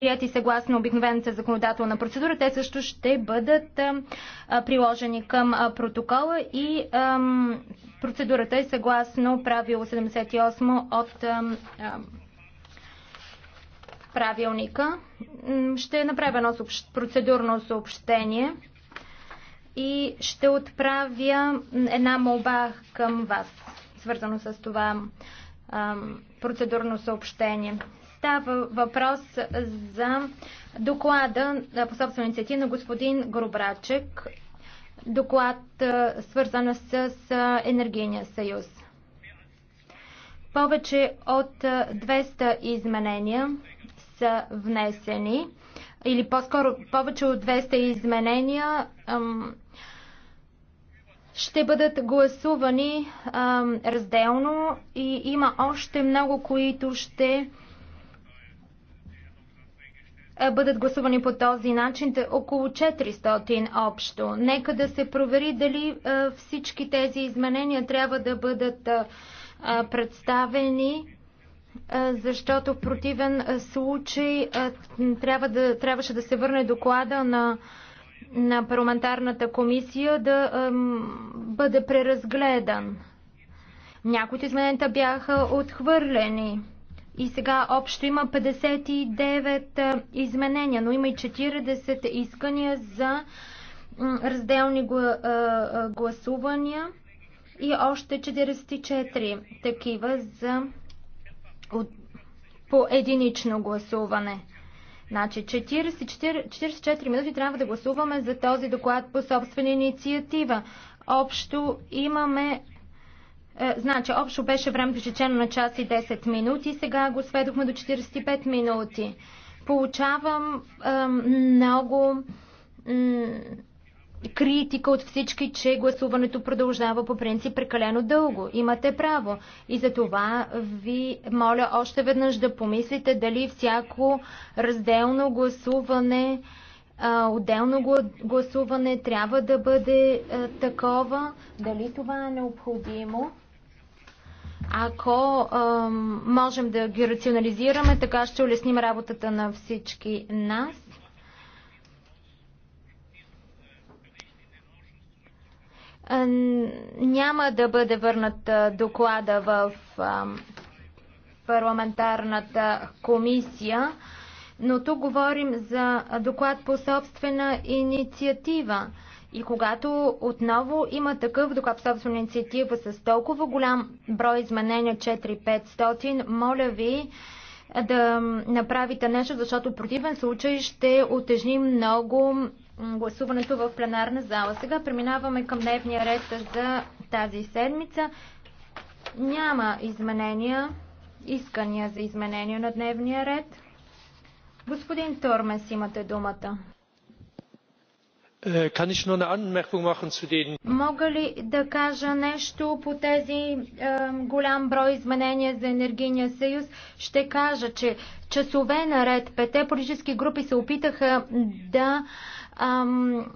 прияти съгласно обикновената законодателна процедура, те също ще бъдат приложени към протокола и процедурата е съгласно правило 78 от правилника. Ще направя едно процедурно съобщение и ще отправя една молба към вас, свързано с това процедурно съобщение. Става въпрос за доклада по собствена инициатива на господин Горобрачек. Доклад свързан с Енергийния съюз. Повече от 200 изменения са внесени или по-скоро повече от 200 изменения ще бъдат гласувани разделно и има още много, които ще е, бъдат гласувани по този начин, около 400 общо. Нека да се провери дали е, всички тези изменения трябва да бъдат е, представени защото в противен случай трябва да, трябваше да се върне доклада на, на парламентарната комисия да бъде преразгледан. Някои от измененията бяха отхвърлени. И сега общо има 59 изменения, но има и 40 искания за разделни гласувания и още 44 такива за по единично гласуване. Значи 44, 44 минути трябва да гласуваме за този доклад по собствена инициатива. Общо имаме е, значи, общо беше времето изчечено на час и 10 минути, сега го сведохме до 45 минути. Получавам много критика от всички, че гласуването продължава по принцип прекалено дълго. Имате право. И за това ви моля още веднъж да помислите дали всяко разделно гласуване, отделно гласуване трябва да бъде такова, дали това е необходимо. Ако а, можем да ги рационализираме, така ще улесним работата на всички нас. няма да бъде върнат доклада в парламентарната комисия, но тук говорим за доклад по собствена инициатива. И когато отново има такъв доклад собствена инициатива с толкова голям брой изменения 4-500, моля ви да направите нещо, защото в противен случай ще отежни много гласуването в пленарна зала. Сега преминаваме към дневния ред за тази седмица. Няма изменения, искания за изменения на дневния ред. Господин Тормес, имате думата. Äh, Мога ли да кажа нещо по тези е, голям брой изменения за енергийния съюз? Ще кажа, че часове наред пете политически групи се опитаха да ам,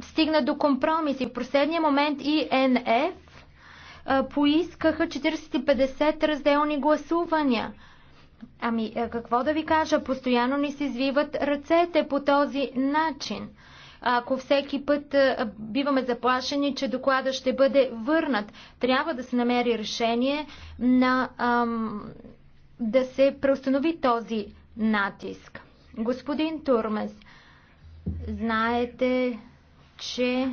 стигнат до компромиси. В последния момент и НФ е, поискаха 40-50 разделни гласувания. Ами, е, какво да ви кажа? Постоянно ни се извиват ръцете по този начин. Ако всеки път е, биваме заплашени, че доклада ще бъде върнат, трябва да се намери решение на ам, да се преустанови този натиск. Господин Турмес, знаете, че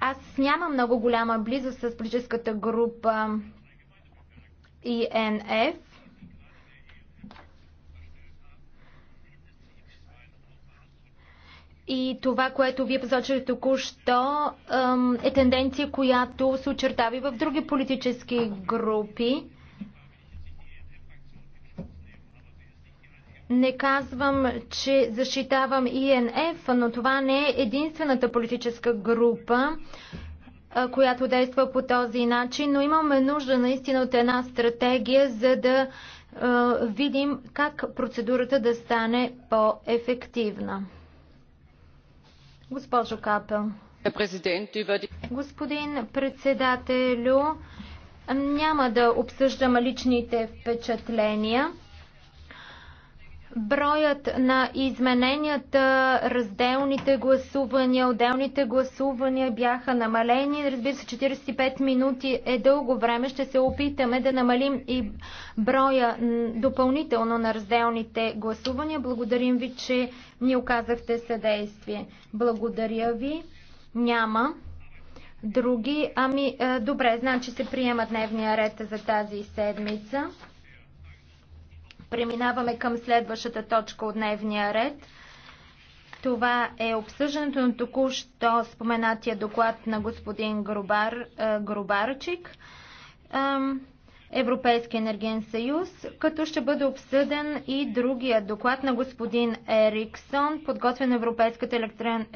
аз нямам много голяма близост с политическата група ИНФ И това, което вие посочвате току-що, е тенденция, която се очертава и в други политически групи. Не казвам, че защитавам ИНФ, но това не е единствената политическа група, която действа по този начин, но имаме нужда наистина от една стратегия, за да видим как процедурата да стане по-ефективна. Госпожо Капел. Господин председателю, няма да обсъждам личните впечатления. Броят на измененията, разделните гласувания, отделните гласувания бяха намалени. Разбира се, 45 минути е дълго време. Ще се опитаме да намалим и броя допълнително на разделните гласувания. Благодарим ви, че ни оказахте съдействие. Благодаря ви. Няма. Други? Ами, е, добре, знам, че се приема дневния ред за тази седмица. Преминаваме към следващата точка от дневния ред. Това е обсъждането на току-що споменатия доклад на господин Грубар, е, Грубарчик. Европейски енергиен съюз, като ще бъде обсъден и другия доклад на господин Ериксон, подготвен на Европейската електрон,